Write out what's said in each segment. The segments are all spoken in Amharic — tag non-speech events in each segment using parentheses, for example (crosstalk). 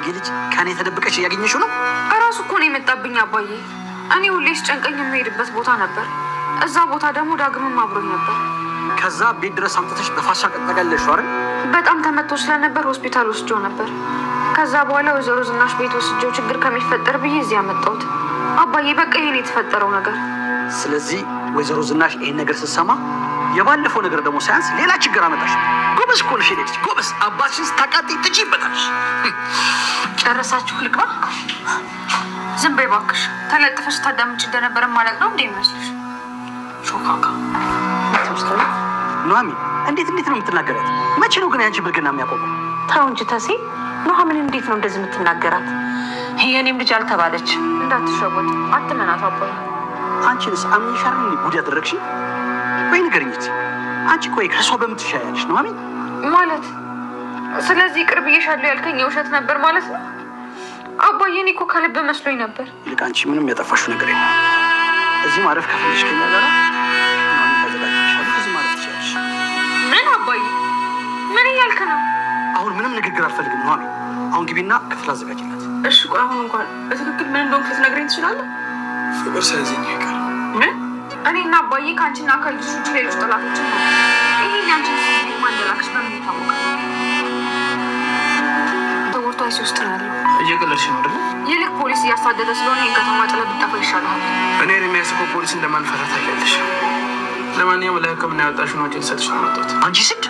ባለጌ ልጅ ከኔ ተደብቀሽ እያገኘሽው ነው። እራሱ እኮ ነው የመጣብኝ አባዬ። እኔ ሁሌ ሲጨንቀኝ የምሄድበት ቦታ ነበር። እዛ ቦታ ደግሞ ዳግምም አብሮኝ ነበር። ከዛ ቤት ድረስ አምጥተሽ በፋሻ ቀጠቀለሽ። በጣም ተመቶ ስለነበር ሆስፒታል ወስጆ ነበር። ከዛ በኋላ ወይዘሮ ዝናሽ ቤት ወስጄው ችግር ከሚፈጠር ብዬ እዚህ ያመጣሁት አባዬ። በቃ ይሄን የተፈጠረው ነገር። ስለዚህ ወይዘሮ ዝናሽ ይሄን ነገር ስትሰማ የባለፈው ነገር ደግሞ ሳያንስ ሌላ ችግር አመጣሽ። ጎበዝ ኮንፊደንስ ጎበዝ አባትሽን ስታቃጥይ ትችይበታለሽ። ጨረሳችሁ ልቃ ዝም በይ እባክሽ። ተለጥፈሽ ታዳምጭ እንደነበረ ማለት ነው እንዴ ይመስልሽ? ሾካካ ኗሚ፣ እንዴት እንዴት ነው የምትናገራት? መቼ ነው ግን ያንቺ ብልግና የሚያቆመው? ተው እንጂ ተሴ፣ ኑሐሚን እንዴት ነው እንደዚህ የምትናገራት? የእኔም ልጅ አልተባለች እንዳትሸወድ፣ አትመናት። አባ አንቺንስ አምንሻርን ጉድ ያደረግሽ ወይ ንገሪኝ እስኪ አንቺ ቆይ ከእሷ በምትሻያለሽ ነው አሜን ማለት ስለዚህ ቅርብ እየሻለሁ ያልከኝ የውሸት ነበር ማለት ነው አባዬ እኔ እኮ ከልብ መስሎኝ ነበር ይልቅ አንቺ ምንም ያጠፋሽው ነገር የለም እዚህ ማረፍ ከፈለሽ ከኛ ጋር ምን አባዬ ምን እያልክ ነው አሁን ምንም ንግግር አልፈልግም ነው አሜን አሁን ግቢና ክፍል አዘጋጅላት እሺ ቆይ አሁን እንኳን በትክክል ምን እንደሆንክ ልትነግረኝ ትችላለህ ፍቅር ሳይዘኝ ይቀር ምን እኔና አባዬ ከአንቺና ከልጅሽ ውጭ ሌሎች ጠላቶች ነው። ይሄን ያንቺን ማንደላክሽ በምን ይታወቃል? ተጎድቶ አይሲ ውስጥ ነው ያለው። እየቀለድሽ ነው አይደል? ይልቅ ፖሊስ እያሳደደ ስለሆነ ይህን ከተማ ጥለህ ብጠፋ ይሻልሃል። እኔ የሚያስበው ፖሊስ እንደማንፈራ ታያለሽ። ለማንኛውም ለሕክምና ያወጣሽውን ወጪ ልሰጥሽ ነው የመጣሁት። አንቺ ስድ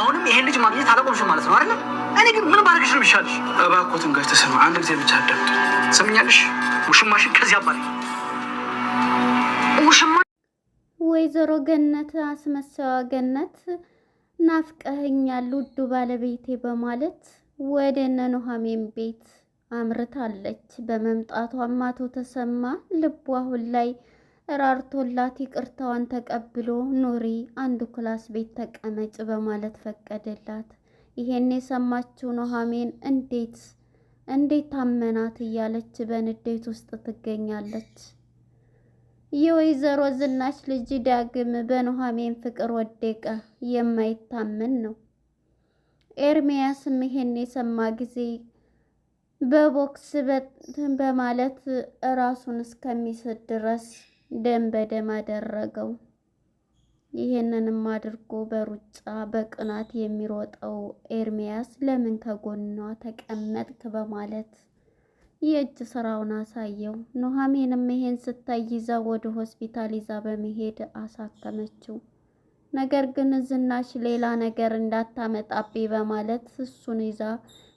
አሁንም ይሄን ልጅ ማግኘት አላቆምሽም ማለት ነው አይደል? እኔ ግን ምን ባደርግሽ ነው የሚሻልሽ? እባክዎትን ጋሽ ተሰማ አንድ ጊዜ ብቻ አዳምጡ። ትሰምኛለሽ? ውሽማሽን ከዚህ አባሪ ወይዘሮ ገነት አስመሳዋ ገነት ናፍቀኸኛል ውዱ ባለቤቴ በማለት ወደ እነ ቤት አምርታለች። በመምጣቷም አቶ ተሰማ ልቡ አሁን ላይ ራርቶላት ይቅርታዋን ተቀብሎ ኑሪ አንዱ ክላስ ቤት ተቀመጭ በማለት ፈቀደላት። ይሄን የሰማችው ኑሃሜን እንዴት እንዴት ታመናት እያለች በንዴት ውስጥ ትገኛለች። የወይዘሮ ዝናሽ ልጅ ዳግም በኑሃሜን ፍቅር ወደቀ። የማይታመን ነው። ኤርሚያስም ይሄን የሰማ ጊዜ በቦክስ በማለት ራሱን እስከሚስት ድረስ ደም በደም አደረገው። ይሄንንም አድርጎ በሩጫ በቅናት የሚሮጠው ኤርሚያስ ለምን ከጎኗ ተቀመጥክ በማለት የእጅ ስራውን አሳየው። ኑሐሚንም ይሄን ስታይ ይዛ ወደ ሆስፒታል ይዛ በመሄድ አሳከመችው። ነገር ግን ዝናሽ ሌላ ነገር እንዳታመጣቤ በማለት እሱን ይዛ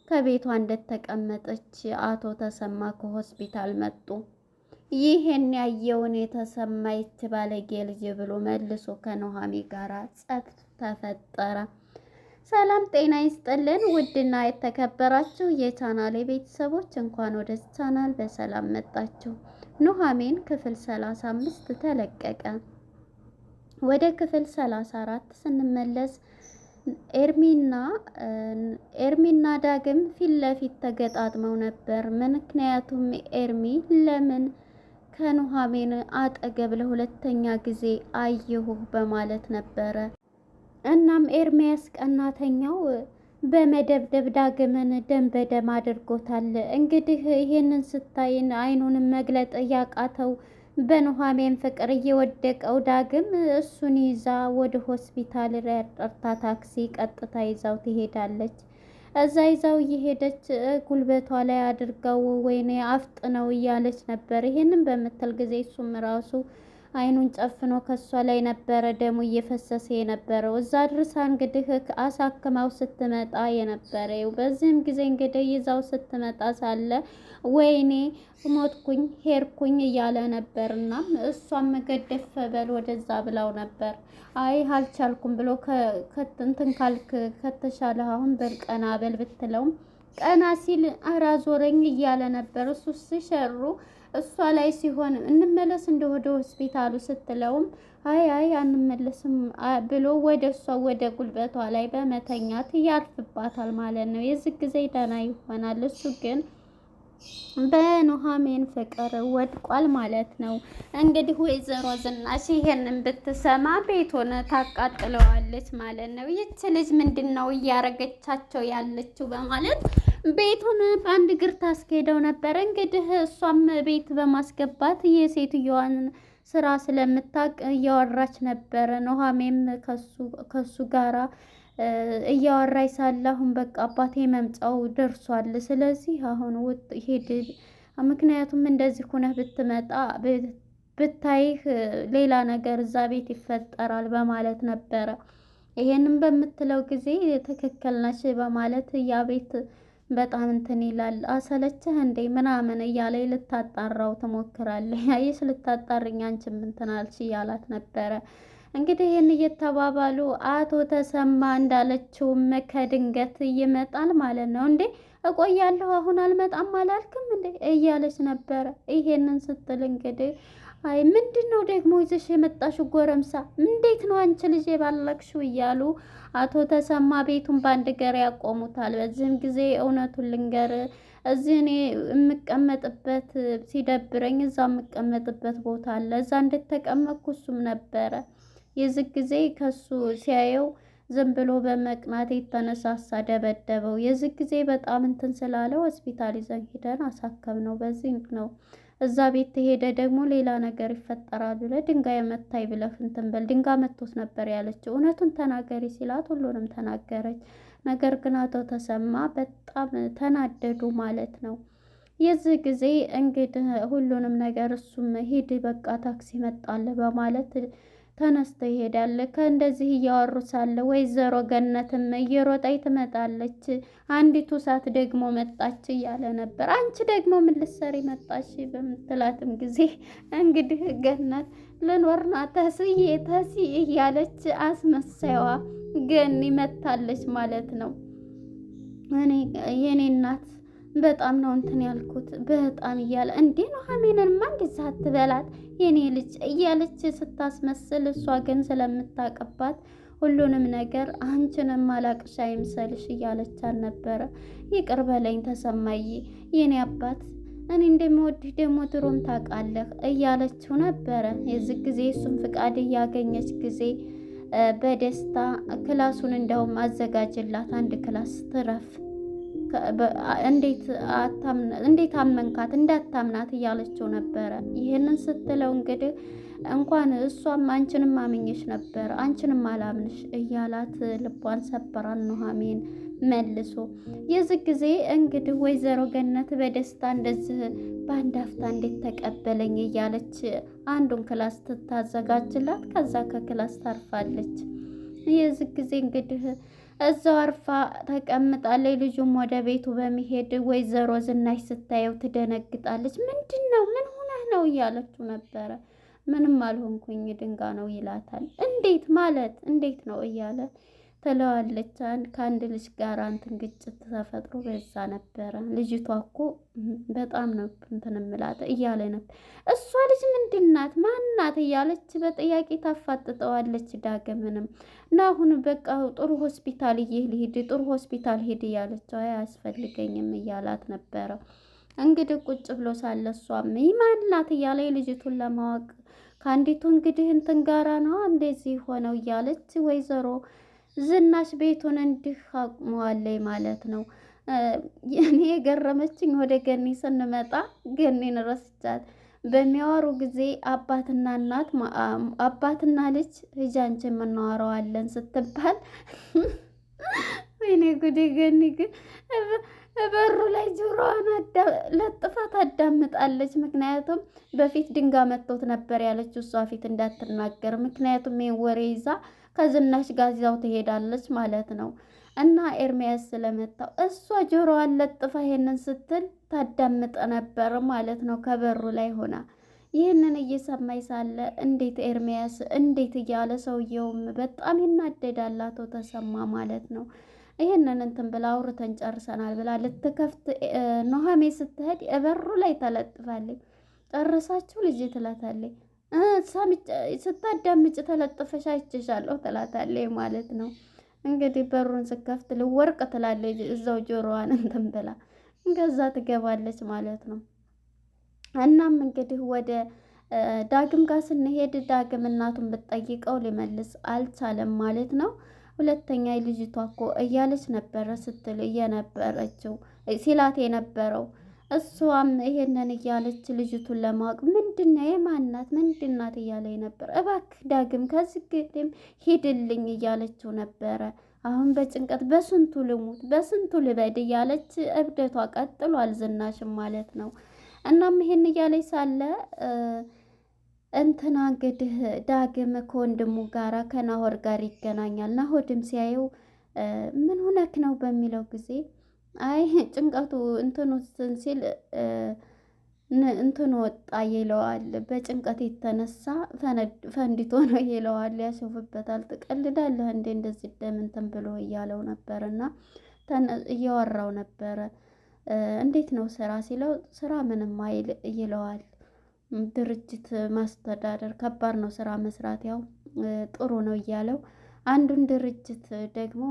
ከቤቷ እንደተቀመጠች አቶ ተሰማ ከሆስፒታል መጡ። ይህን ያየውን የተሰማ ይች ባለጌ ልጅ ብሎ መልሶ ከኖሃሜ ጋር ጸብ ተፈጠረ። ሰላም ጤና ይስጥልን። ውድና የተከበራችሁ የቻናሌ ቤተሰቦች እንኳን ወደ ቻናል በሰላም መጣችሁ። ኑሐሚን ክፍል 35 ተለቀቀ። ወደ ክፍል 34 ስንመለስ ኤርሚና ኤርሚና ዳግም ፊት ለፊት ተገጣጥመው ነበር። ምክንያቱም ኤርሚ ለምን ከኑሐሚን አጠገብ ለሁለተኛ ጊዜ አየሁህ በማለት ነበረ እናም ኤርሚያስ ቀናተኛው በመደብደብ ዳግምን ደም በደም አድርጎታል። እንግዲህ ይህንን ስታይን አይኑንም መግለጥ እያቃተው በኑሐሚን ፍቅር እየወደቀው ዳግም እሱን ይዛ ወደ ሆስፒታል ጠርታ ታክሲ ቀጥታ ይዛው ትሄዳለች። እዛ ይዛው እየሄደች ጉልበቷ ላይ አድርገው ወይኔ አፍጥነው እያለች ነበር። ይህንን በምትል ጊዜ እሱም ራሱ አይኑን ጨፍኖ ከሷ ላይ ነበረ ደሙ እየፈሰሰ የነበረው። እዛ ድርሳ እንግዲህ አሳክማው ስትመጣ የነበረው። በዚህም ጊዜ እንግዲህ ይዛው ስትመጣ ሳለ ወይኔ ሞትኩኝ ሄርኩኝ እያለ ነበር። ነበርና እሷም መገደፍ በል ወደዛ ብላው ነበር። አይ አልቻልኩም ብሎ ከትንትን ካልክ ከተሻለ አሁን በል ቀና በል ብትለውም ቀና ሲል አራዞረኝ እያለ ነበር እሱ ሲሸሩ እሷ ላይ ሲሆን እንመለስ እንደ ወደ ሆስፒታሉ ስትለውም አይ አይ አንመለስም ብሎ ወደ እሷ ወደ ጉልበቷ ላይ በመተኛት ያርፍባታል ማለት ነው። የዚህ ጊዜ ደህና ይሆናል። እሱ ግን በኑሃሜን ፍቅር ወድቋል ማለት ነው። እንግዲህ ወይዘሮ ዝናሽ ይሄንን ብትሰማ ቤቱን ታቃጥለዋለች ማለት ነው። ይች ልጅ ምንድን ነው እያረገቻቸው ያለችው በማለት ቤቱን በአንድ እግር ታስኬደው ነበር። እንግዲህ እሷም ቤት በማስገባት የሴትዮዋን ስራ ስለምታቅ እያወራች ነበረ። ኑሃሜም ከሱ ጋራ እያወራች ሳለ አሁን በቃ አባቴ መምጫው ደርሷል፣ ስለዚህ አሁን ውጥ ሄድ። ምክንያቱም እንደዚህ ሁነህ ብትመጣ ብታይህ ሌላ ነገር እዛ ቤት ይፈጠራል በማለት ነበረ። ይሄንም በምትለው ጊዜ ትክክል ነች በማለት ያ ቤት በጣም እንትን ይላል። አሰለችህ እንዴ ምናምን እያለ ልታጣራው ትሞክራለህ። ያየሽ (laughs) ልታጣርኝ አንቺ ምንትናልሽ እያላት ነበረ። እንግዲህ ይህን እየተባባሉ አቶ ተሰማ እንዳለችውም ከድንገት ይመጣል ማለት ነው። እንዴ እቆያለሁ አሁን አልመጣም አላልክም እንዴ እያለች ነበረ። ይሄንን ስትል እንግዲህ አይ ምንድን ነው ደግሞ ይዘሽ የመጣሽው ጎረምሳ? እንዴት ነው አንቺ ልጅ የባለቅሽው? እያሉ አቶ ተሰማ ቤቱን በአንድ ገር ያቆሙታል። በዚህም ጊዜ እውነቱን ልንገር እዚህ እኔ የምቀመጥበት ሲደብረኝ እዛ የምቀመጥበት ቦታ አለ። እዛ እንደተቀመጥኩ እሱም ነበረ። የዚህ ጊዜ ከሱ ሲያየው ዝም ብሎ በመቅናት የተነሳሳ ደበደበው። የዚህ ጊዜ በጣም እንትን ስላለው ሆስፒታል ይዘን ሂደን አሳከም ነው። በዚህ ነው እዛ ቤት ተሄደ ደግሞ ሌላ ነገር ይፈጠራል ብለህ ድንጋይ መታኝ ብለህ እንትን በል ድንጋይ መቶት ነበር ያለችው። እውነቱን ተናገሪ ሲላት ሁሉንም ተናገረች። ነገር ግን አቶ ተሰማ በጣም ተናደዱ ማለት ነው። የዚህ ጊዜ እንግዲህ ሁሉንም ነገር እሱም ሂድ በቃ ታክሲ መጣለ በማለት ተነስተ ይሄዳል። ከእንደዚህ እያወሩ ሳለ ወይዘሮ ገነትም እየሮጠች ትመጣለች። አንዲቱ ሳት ደግሞ መጣች እያለ ነበር። አንቺ ደግሞ ምን ልትሰሪ መጣሽ? በምትላትም ጊዜ እንግዲህ ገነት ልኖር ተስዬ እያለች አስመሳይዋ ገኒ መታለች ማለት ነው። እኔ የኔ እናት በጣም ነው እንትን ያልኩት በጣም እያለ እንዴ ነው ኑሐሚንንማ እንደዛ አትበላት የኔ ልጅ እያለች ስታስመስል፣ እሷ ግን ስለምታቀባት ሁሉንም ነገር አንቺንም አላቅሻ አይምሰልሽ እያለች አልነበረ። ይቅር በለኝ ተሰማዬ፣ የኔ አባት እኔ እንደምወድህ ደግሞ ድሮም ታውቃለህ እያለችው ነበረ። የዚህ ጊዜ እሱም ፍቃድ እያገኘች ጊዜ በደስታ ክላሱን እንደውም አዘጋጅላት አንድ ክላስ ትረፍ እንዴት አመንካት እንዳታምናት እያለችው ነበረ። ይህንን ስትለው እንግዲህ እንኳን እሷም አንቺንም አምኜሽ ነበር አንቺንም አላምንሽ እያላት ልቧን ሰበራን ኑሐሚን መልሶ። የዚህ ጊዜ እንግዲህ ወይዘሮ ገነት በደስታ እንደዚህ በአንድ አፍታ እንዴት ተቀበለኝ እያለች አንዱን ክላስ ትታዘጋጅላት፣ ከዛ ከክላስ ታርፋለች። የዚህ ጊዜ እንግዲህ እዛው አርፋ ተቀምጣለች። ልጁም ወደ ቤቱ በሚሄድ ወይዘሮ ዝናሽ ስታየው ትደነግጣለች። ምንድን ነው ምን ሆነህ ነው እያለችው ነበረ። ምንም አልሆንኩኝ ድንጋ ነው ይላታል። እንዴት ማለት እንዴት ነው እያለ ትለዋለች። ከአንድ ልጅ ጋር እንትን ግጭት ተፈጥሮ በዛ ነበረ። ልጅቷ እኮ በጣም ነው እንትን እምላት እያለ ነበር። እሷ ልጅ ምንድናት ማናት እያለች በጥያቄ ታፋጥጠዋለች። ዳግምንም እና አሁን በቃ ጥሩ ሆስፒታል ይህ ልሂድ፣ ጥሩ ሆስፒታል ሂድ እያለችው አያስፈልገኝም እያላት ነበረ። እንግዲህ ቁጭ ብሎ ሳለ እሷም ይማናት እያለ ልጅቱን ለማወቅ ከአንዲቱ እንግዲህ እንትን ጋራ ነው እንደዚህ ሆነው እያለች ወይዘሮ ዝናሽ ቤቱን እንዲህ አቁመዋለይ ማለት ነው። እኔ የገረመችኝ ወደ ገኒ ስንመጣ ገኒን ረስቻት በሚያወሩ ጊዜ አባትና እናት አባትና ልጅ ልጃንች አንቺ ስትባል (laughs) ወይኔ ጉዴ! ገኒ ግን በሩ ላይ ጆሮዋን ለጥፋት አዳምጣለች። ምክንያቱም በፊት ድንጋ መጥቶት ነበር ያለች እሷ ፊት እንዳትናገር። ምክንያቱም ይሄን ወሬ ይዛ ከዝናሽ ጋር ይዛው ትሄዳለች ማለት ነው። እና ኤርሚያስ ስለመጣው እሷ ጆሮዋን ለጥፋ ይሄንን ስትል ታዳምጠ ነበር ማለት ነው ከበሩ ላይ ሆና ይህንን እየሰማይ ሳለ እንዴት ኤርሚያስ እንዴት እያለ ሰውየውም በጣም ይናደዳል። አቶ ተሰማ ማለት ነው። ይህንን እንትን ብላ አውርተን ጨርሰናል ብላ ልትከፍት ኖሀሜ ስትሄድ በሩ ላይ ተለጥፋለች። ጨርሳችሁ ልጅ ትላታለች። ስታዳምጭ ተለጥፈሽ አይችሻለሁ ትላታለች ማለት ነው። እንግዲህ በሩን ስከፍት ልወርቅ ትላለች እዛው ጆሮዋን (laughs) እንትን ብላ ትገባለች ማለት ነው። እናም እንግዲህ ወደ ዳግም ጋር ስንሄድ ዳግም እናቱን ብትጠይቀው ሊመልስ አልቻለም ማለት ነው። ሁለተኛ ልጅቷ እኮ እያለች ነበረ ስትል እየነበረችው ሲላት የነበረው እሷም ይሄንን እያለች ልጅቱን ለማወቅ ምንድነው የማናት ምንድናት እያለ ነበር። እባክህ ዳግም ከዚህ ግድም ሂድልኝ እያለችው ነበረ። አሁን በጭንቀት በስንቱ ልሙት በስንቱ ልበድ እያለች እብደቷ ቀጥሏል። ዝናሽም ማለት ነው። እናም ይሄን እያለች ሳለ እንትና እንግዲህ ዳግም ከወንድሙ ጋራ ከናሆድ ጋር ይገናኛል። ናሆድም ሲያየው ምን ሆነክ ነው በሚለው ጊዜ አይ ጭንቀቱ እንትኑ ሲል እንትኑ ወጣ ይለዋል። በጭንቀት የተነሳ ፈንድቶ ነው ይለዋል። ያሸውበታል። ትቀልዳለህ እንዴ እንደዚህ ደም እንትን ብሎ እያለው ነበር እና እያወራው ነበረ። እንዴት ነው ስራ ሲለው ስራ ምንም አይል ይለዋል። ድርጅት ማስተዳደር ከባድ ነው ስራ መስራት ያው ጥሩ ነው እያለው አንዱን ድርጅት ደግሞ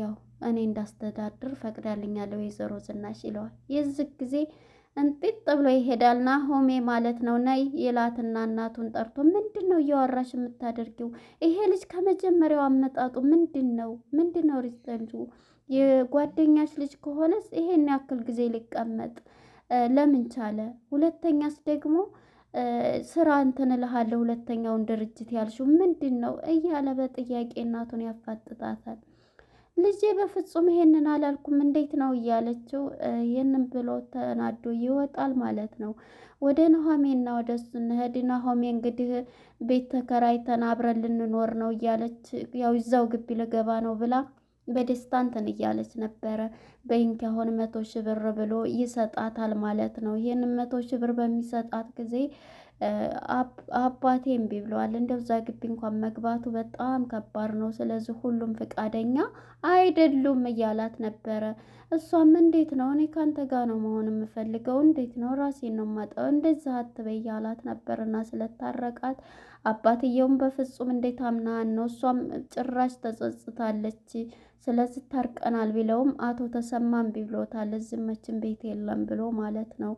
ያው እኔ እንዳስተዳድር ፈቅዳልኛለ ወይዘሮ ዝናሽ ይለዋል። የዚህ ጊዜ እንጢጥ ብሎ ይሄዳል ናሆሜ ማለት ነው። ናይ ይላትና እናቱን ጠርቶ ምንድን ነው እያወራሽ የምታደርጊው? ይሄ ልጅ ከመጀመሪያው አመጣጡ ምንድን ነው ምንድን ነው ሪዘንቱ? የጓደኛሽ ልጅ ከሆነስ ይሄን ያክል ጊዜ ሊቀመጥ ለምን ቻለ? ሁለተኛስ ደግሞ ስራ እንትን እልሃለሁ ሁለተኛውን ድርጅት ያልሽው ምንድን ነው እያለ በጥያቄ እናቱን ያፋጥጣታል። ልጄ በፍጹም ይሄንን አላልኩም እንዴት ነው እያለችው፣ ይህንን ብሎ ተናዶ ይወጣል ማለት ነው። ወደ ናሆሜና ወደ እሱ እንሂድ። ናሆሜ እንግዲህ ቤት ተከራይተን አብረን ልንኖር ነው እያለች ያው ይዛው ግቢ ልገባ ነው ብላ በደስታ እንትን እያለች ነበረ። በይንኪ አሁን መቶ ሺህ ብር ብሎ ይሰጣታል ማለት ነው። ይህንን መቶ ሺህ ብር በሚሰጣት ጊዜ አባቴ እምቢ ብለዋል። እንደዛ ግቢ እንኳን መግባቱ በጣም ከባድ ነው። ስለዚህ ሁሉም ፈቃደኛ አይደሉም እያላት ነበረ። እሷም እንዴት ነው እኔ ከአንተ ጋር ነው መሆን የምፈልገው፣ እንዴት ነው ራሴን ነው ማጠው፣ እንደዛ አትበይ እያላት ነበርና ስለታረቃት አባትየውም በፍጹም እንዴት አምናህን ነው፣ እሷም ጭራሽ ተጸጽታለች። ስለዚህ ታርቀናል ቢለውም አቶ ተሰማ እምቢ ብሎታል። እዚህ መቼም ቤት የለም ብሎ ማለት ነው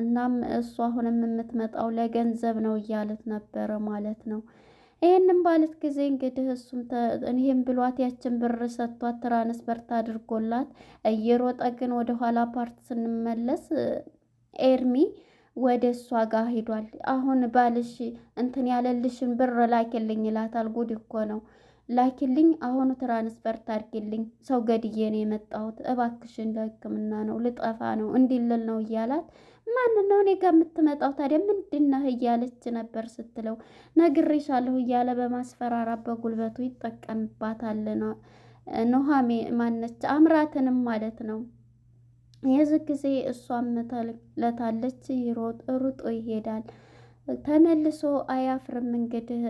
እናም እሱ አሁንም የምትመጣው ለገንዘብ ነው እያለት ነበረ ማለት ነው። ይህንም ባለት ጊዜ እንግዲህ እሱም እኔህም ብሏት ያችን ብር ሰጥቷት ትራንስፈርት አድርጎላት እየሮጠ ግን ወደ ኋላ ፓርት ስንመለስ ኤርሚ ወደ እሷ ጋር ሂዷል። አሁን ባልሽ እንትን ያለልሽን ብር ላኪልኝ ይላታል። ጉድ እኮ ነው። ላኪልኝ፣ አሁኑ ትራንስፈርት አድርጊልኝ፣ ሰው ገድዬ ነው የመጣሁት፣ እባክሽን ለሕክምና ነው ልጠፋ ነው እንዲልል ነው እያላት ማንን ነው እኔ ጋር የምትመጣው ታዲያ ምንድነህ? እያለች ነበር ስትለው ነግሬሻለሁ እያለ በማስፈራራ በጉልበቱ ይጠቀምባታል። ኑሃሜ ማነች አምራትንም ማለት ነው። የዚህ ጊዜ እሷም ተለታለች፣ ይሮጥ ሩጦ ይሄዳል። ተመልሶ አያፍርም እንግዲህ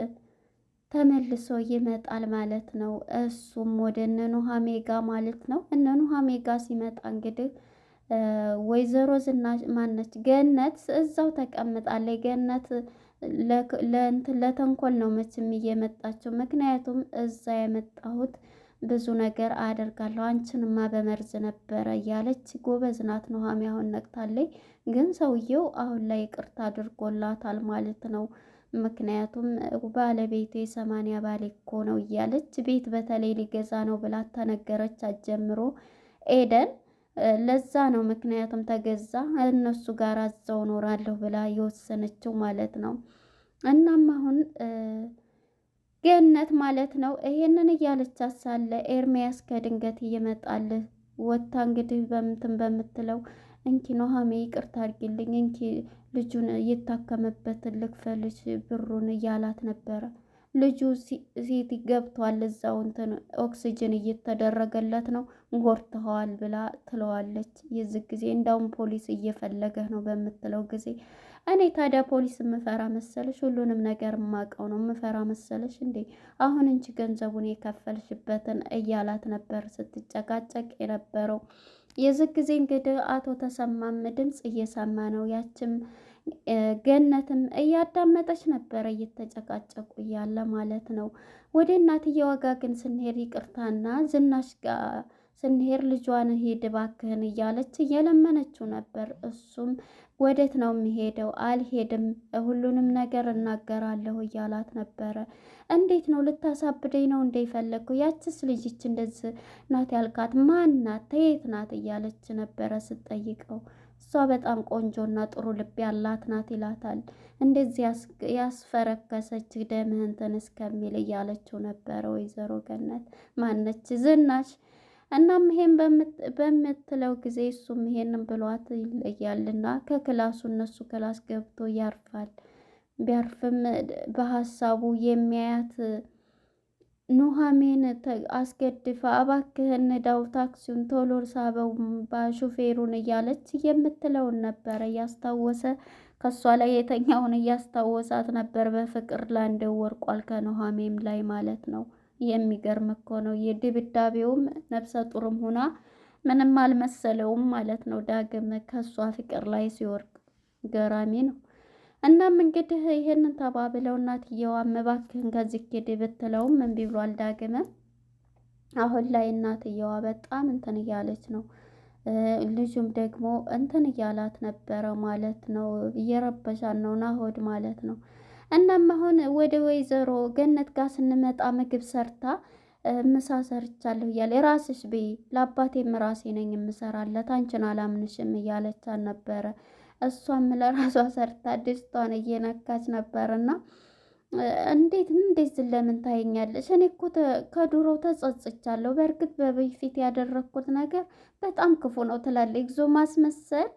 ተመልሶ ይመጣል ማለት ነው። እሱም ወደ እነ ኑሃሜ ጋ ማለት ነው። እነ ኑሃሜ ጋ ሲመጣ እንግዲህ ወይዘሮ ዝናሽ ማነች ገነት እዛው ተቀምጣለች። ገነት ለእንት ለተንኮል ነው መቼም እየመጣችው። ምክንያቱም እዛ የመጣሁት ብዙ ነገር አደርጋለሁ አንቺንማ በመርዝ ነበረ እያለች ጎበዝ ናት። ኑሃሚ አሁን ነቅታለች፣ ግን ሰውየው አሁን ላይ ይቅርታ አድርጎላታል ማለት ነው። ምክንያቱም ባለቤቴ የሰማንያ ባሌ እኮ ነው እያለች ቤት በተለይ ሊገዛ ነው ብላ ተነገረች አጀምሮ ኤደን ለዛ ነው ምክንያቱም ተገዛ እነሱ ጋር አዘው ኖራለሁ ብላ የወሰነችው ማለት ነው። እናም አሁን ገነት ማለት ነው ይሄንን እያለች ሳለ ኤርሚያስ ከድንገት እየመጣል ወታ እንግዲህ በምትን በምትለው እንኪ ኖሃሜ ይቅርታ አድርጊልኝ እንኪ ልጁን እየታከመበት ልክፈልሽ ብሩን እያላት ነበረ። ልጁ ሲቲ ገብቷል እዛው እንትን ኦክስጅን እየተደረገለት ነው ጎርተኸዋል ብላ ትለዋለች። የዚህ ጊዜ እንዳውም ፖሊስ እየፈለገህ ነው በምትለው ጊዜ እኔ ታዲያ ፖሊስ የምፈራ መሰለሽ? ሁሉንም ነገር የማውቀው ነው የምፈራ መሰለሽ እንዴ? አሁን እንጂ ገንዘቡን የከፈልሽበትን እያላት ነበር ስትጨቃጨቅ የነበረው። የዚህ ጊዜ እንግዲህ አቶ ተሰማም ድምፅ እየሰማ ነው ያችም ገነትም እያዳመጠች ነበረ እየተጨቃጨቁ እያለ ማለት ነው። ወደ እናትየዋ ጋ ግን ስንሄድ ይቅርታና ዝናሽ ጋ ስንሄድ ልጇን ሄድ ባክህን እያለች እየለመነችው ነበር። እሱም ወዴት ነው የምሄደው? አልሄድም፣ ሁሉንም ነገር እናገራለሁ እያላት ነበረ። እንዴት ነው ልታሳብደኝ ነው እንደ ይፈለግኩ? ያችስ ልጅች እንደዚህ ናት ያልካት ማን ናት? ተየት ናት? እያለች ነበረ ስትጠይቀው እሷ በጣም ቆንጆና ጥሩ ልብ ያላት ናት ይላታል። እንደዚህ ያስፈረከሰች ደምህን ትንስ ከሚል እያለችው ነበረ ወይዘሮ ገነት ማነች ዝናሽ። እናም ይሄን በምትለው ጊዜ እሱም ይሄንን ብሏት ይለያልና ከክላሱ እነሱ ክላስ ገብቶ ያርፋል። ቢያርፍም በሀሳቡ የሚያያት ኑሐሚን አስገድፋ እባክህን ዳው ታክሲውን ቶሎ ሳበው ሹፌሩን እያለች የምትለውን ነበረ እያስታወሰ ከእሷ ላይ የተኛውን እያስታወሳት ነበር። በፍቅር ላንድ ወርቋል ከኑሐሚን ላይ ማለት ነው። የሚገርም እኮ ነው። የድብዳቤውም ነፍሰ ጡርም ሁና ምንም አልመሰለውም ማለት ነው። ዳግም ከእሷ ፍቅር ላይ ሲወርቅ ገራሚ ነው። እናም እንግዲህ ይሄንን ተባብለው እናትየዋ እባክህን ከዚህ ሂድ ብትለውም እምቢ ብሏል። ዳግምም አሁን ላይ እናትየዋ በጣም እንትን እያለች ነው። ልጁም ደግሞ እንትን እያላት ነበረ ማለት ነው። እየረበሻን ነው ናሆድ ማለት ነው። እናም አሁን ወደ ወይዘሮ ገነት ጋር ስንመጣ ምግብ ሰርታ ምሳ ሰርቻለሁ እያለ የራስሽ ብይ፣ ለአባቴም ራሴ ነኝ የምሰራለት አንቺን አላምንሽም እያለቻን ነበረ እሷም ለራሷ ሰርታ ድስቷን እየነካች ነበርና እንዴት እንዴት ለምን ታየኛለሽ? እኔ እኮ ከዱሮ ተጸጽቻለሁ። በእርግጥ በፊት ያደረግኩት ነገር በጣም ክፉ ነው ትላለች። እግዚኦ ማስመሰል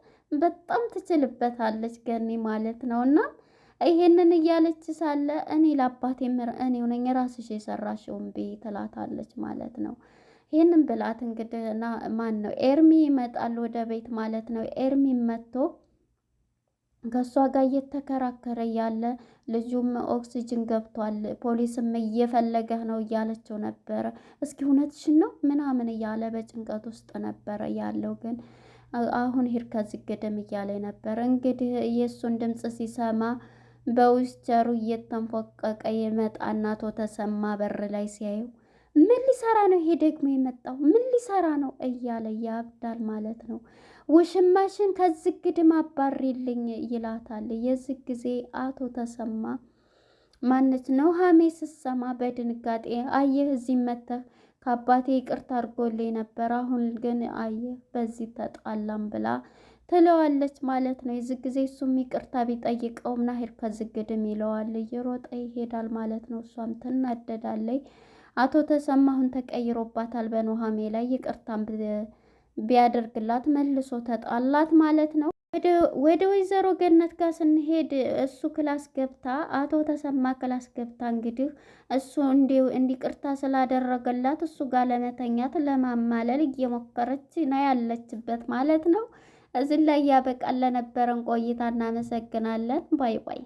በጣም ትችልበታለች ገኒ ማለት ነው። እና ይሄንን እያለች ሳለ እኔ ለአባቴ እኔው ነኝ ራስሽ የሰራሽውን ቤ ትላታለች ማለት ነው። ይህንን ብላት እንግዲህ ማን ነው ኤርሚ ይመጣል ወደ ቤት ማለት ነው። ኤርሚ መጥቶ ከእሷ ጋር እየተከራከረ ያለ ልጁም ኦክሲጅን ገብቷል፣ ፖሊስም እየፈለገህ ነው እያለችው ነበረ። እስኪ እውነትሽን ነው ምናምን እያለ በጭንቀት ውስጥ ነበረ ያለው። ግን አሁን ሂድ ከዚህ ግድም እያለ ነበር። እንግዲህ የእሱን ድምፅ ሲሰማ በዊስቸሩ እየተንፎቀቀ የመጣና አቶ ተሰማ በር ላይ ሲያየው ምን ሊሰራ ነው ይሄ ደግሞ የመጣው ምን ሊሰራ ነው እያለ ያብዳል ማለት ነው። ውሽማሽን ከዚህ ግድም አባሪልኝ ይላታል። የዚህ ጊዜ አቶ ተሰማ ማነች ነው ሀሜ ስሰማ በድንጋጤ አየህ፣ እዚህ መተህ ከአባቴ ይቅርታ አድርጎልኝ ነበር፣ አሁን ግን አየህ በዚህ ተጣላም ብላ ትለዋለች ማለት ነው። የዚህ ጊዜ እሱም ይቅርታ ቢጠይቀውም ናሄድ ከዚህ ግድም ይለዋል፣ እየሮጠ ይሄዳል ማለት ነው። እሷም ትናደዳለይ። አቶ ተሰማ አሁን ተቀይሮባታል በኑሃሜ ላይ ይቅርታም ቢያደርግላት መልሶ ተጣላት ማለት ነው። ወደ ወይዘሮ ገነት ጋር ስንሄድ እሱ ክላስ ገብታ አቶ ተሰማ ክላስ ገብታ እንግዲህ እሱ እንዲቅርታ ስላደረገላት እሱ ጋር ለመተኛት ለማማለል እየሞከረች ነው ያለችበት ማለት ነው። እዚህ ላይ ያበቃል። ለነበረን ቆይታ እናመሰግናለን። ባይ ባይ።